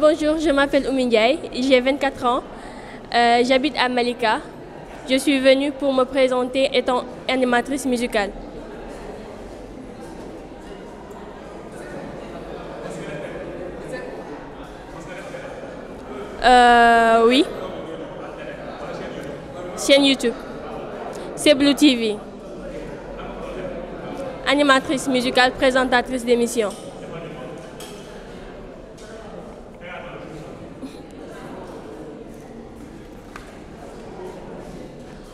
Bonjour, je m'appelle Oumingay, j'ai 24 ans, euh, j'habite à Malika. Je suis venue pour me présenter étant animatrice musicale. Euh, oui. Chaîne YouTube. C'est Blue TV. Animatrice musicale, présentatrice d'émissions.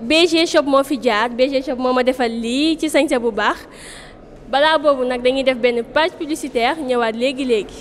BG shop moo fi jaar BG shop moo ma defal lii ci sañse bu baax balaa boobu nag dañuy def benn page publicitaire ñëwaat léegi léegi.